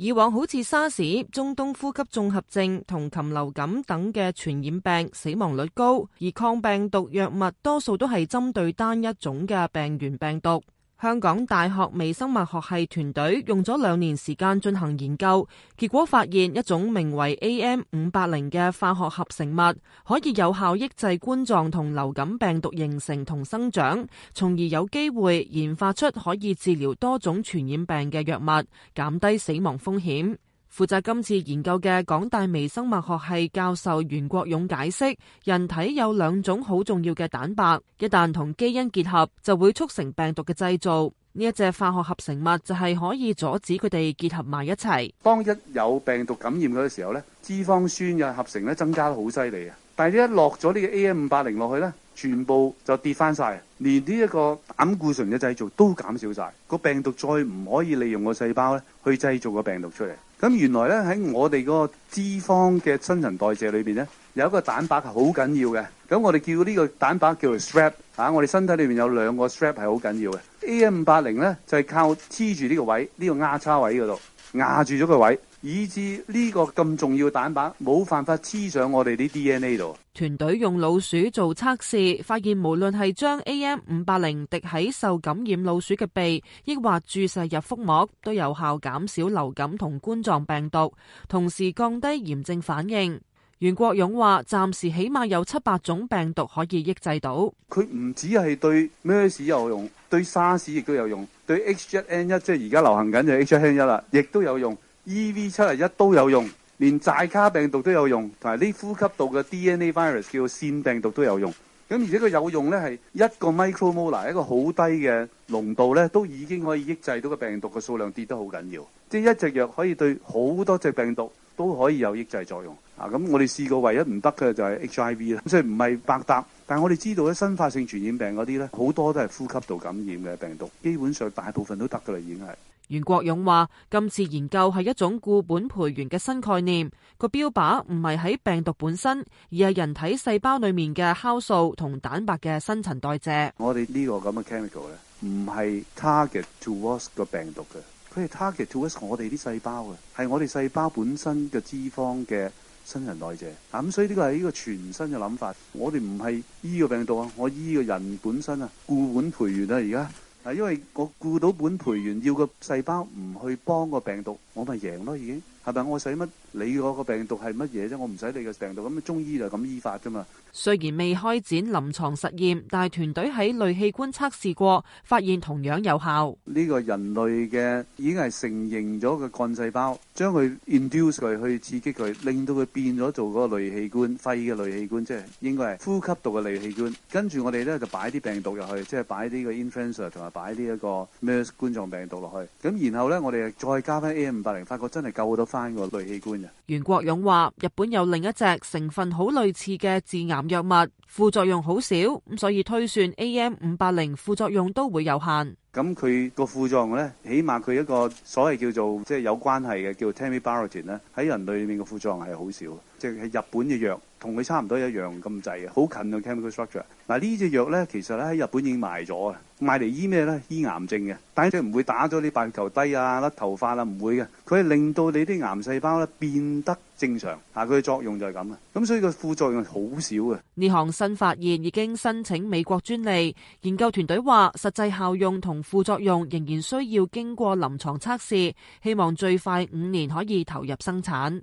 以往好似沙士、中東呼吸綜合症同禽流感等嘅傳染病，死亡率高，而抗病毒藥物多數都係針對單一種嘅病原病毒。香港大學微生物學系團隊用咗兩年時間進行研究，結果發現一種名為 AM 五八零嘅化學合成物，可以有效抑制冠狀同流感病毒形成同生長，從而有機會研發出可以治療多種傳染病嘅藥物，減低死亡風險。負責今次研究嘅港大微生物學系教授袁國勇解釋，人體有兩種好重要嘅蛋白，一旦同基因結合，就會促成病毒嘅製造。呢一隻化學合成物就係可以阻止佢哋結合埋一齊。當一有病毒感染嘅時候咧，脂肪酸嘅合成咧增加得好犀利啊！但係呢一落咗呢個 AM 五八零落去咧，全部就跌翻晒，連呢一個膽固醇嘅製造都減少晒，個病毒再唔可以利用個細胞咧去製造個病毒出嚟。咁原來呢，喺我哋個脂肪嘅新陳代謝裏面呢，有一個蛋白係好緊要嘅。咁我哋叫呢個蛋白叫做 strap、啊、我哋身體裏面有兩個 strap 係好緊要嘅。A M 五八零咧就係、是、靠黐住呢個位，呢、這個丫叉位嗰度。壓住咗個位，以致呢個咁重要嘅蛋白冇辦法黐上我哋啲 DNA 度。團隊用老鼠做測試，發現無論係將 AM580 滴喺受感染老鼠嘅鼻，抑或注射入腹膜，都有效減少流感同冠狀病毒，同時降低炎症反應。袁國勇話：暫時起碼有七八種病毒可以抑制到。佢唔止係對咩事有用，對沙士亦都有用，對 H 一 N 一即係而家流行緊就 H 一 N 一啦，亦都有用，E V 七十一都有用，連寨卡病毒都有用，同埋啲呼吸道嘅 D N A virus 叫做腺病毒都有用。咁而且佢有用咧，係一個 micro molar，一個好低嘅濃度咧，都已經可以抑制到個病毒嘅數量跌得好緊要。即係一隻藥可以對好多隻病毒都可以有抑制作用。啊，咁我哋試過唯一唔得嘅就係 HIV 啦，即係唔係百搭。但係我哋知道咧，新發性傳染病嗰啲咧，好多都係呼吸道感染嘅病毒，基本上大部分都得噶啦，已經係。袁國勇話：今次研究係一種固本培元嘅新概念，個標靶唔係喺病毒本身，而係人體細胞裏面嘅酵素同蛋白嘅新陳代謝。我哋呢個咁嘅 chemical 咧，唔係 target towards 個病毒嘅，佢係 target towards 我哋啲細胞嘅，係我哋細胞本身嘅脂肪嘅新陳代謝。啊，咁所以呢個係呢個全新嘅諗法。我哋唔係醫個病毒啊，我醫個人本身啊，固本培元啊，而家。因為我顧到本培員，要個細胞唔去幫個病毒，我咪贏咯已經。係我使乜你嗰個病毒係乜嘢啫？我唔使你個病毒，咁中醫就咁醫法啫嘛。雖然未開展臨床實驗，但係團隊喺類器官測試過，發現同樣有效。呢、這個人類嘅已經係成形咗個幹細胞，將佢 induce 佢去刺激佢，令到佢變咗做嗰個類器官，肺嘅類器官，即係應該係呼吸道嘅類器官。跟住我哋咧就擺啲病毒入去，即係擺啲個 influenza 同埋擺啲一個 MERS 冠狀病毒落去。咁然後咧我哋再加翻 AM 五八零，發覺真係夠好多類器官。袁國勇話：日本有另一隻成分好類似嘅致癌藥物，副作用好少，咁所以推算 AM 五八零副作用都會有限。咁佢個副作用咧，起碼佢一個所謂叫做即係有關係嘅，叫 Temibarotin 咧，喺人類裏面個副作用係好少的。即係日本嘅藥，同佢差唔多一樣咁滯啊，好近嘅 chemical structure。嗱呢隻藥咧，其實咧喺日本已經賣咗啊，賣嚟醫咩咧？醫癌症嘅，但係唔會打咗你白球低啊、甩頭髮啦、啊，唔會嘅。佢係令到你啲癌細胞咧變得正常，啊，佢嘅作用就係咁啊。咁所以個副作用係好少嘅。呢項新發現已經申請美國專利，研究團隊話實際效用同副作用仍然需要經過臨床測試，希望最快五年可以投入生產。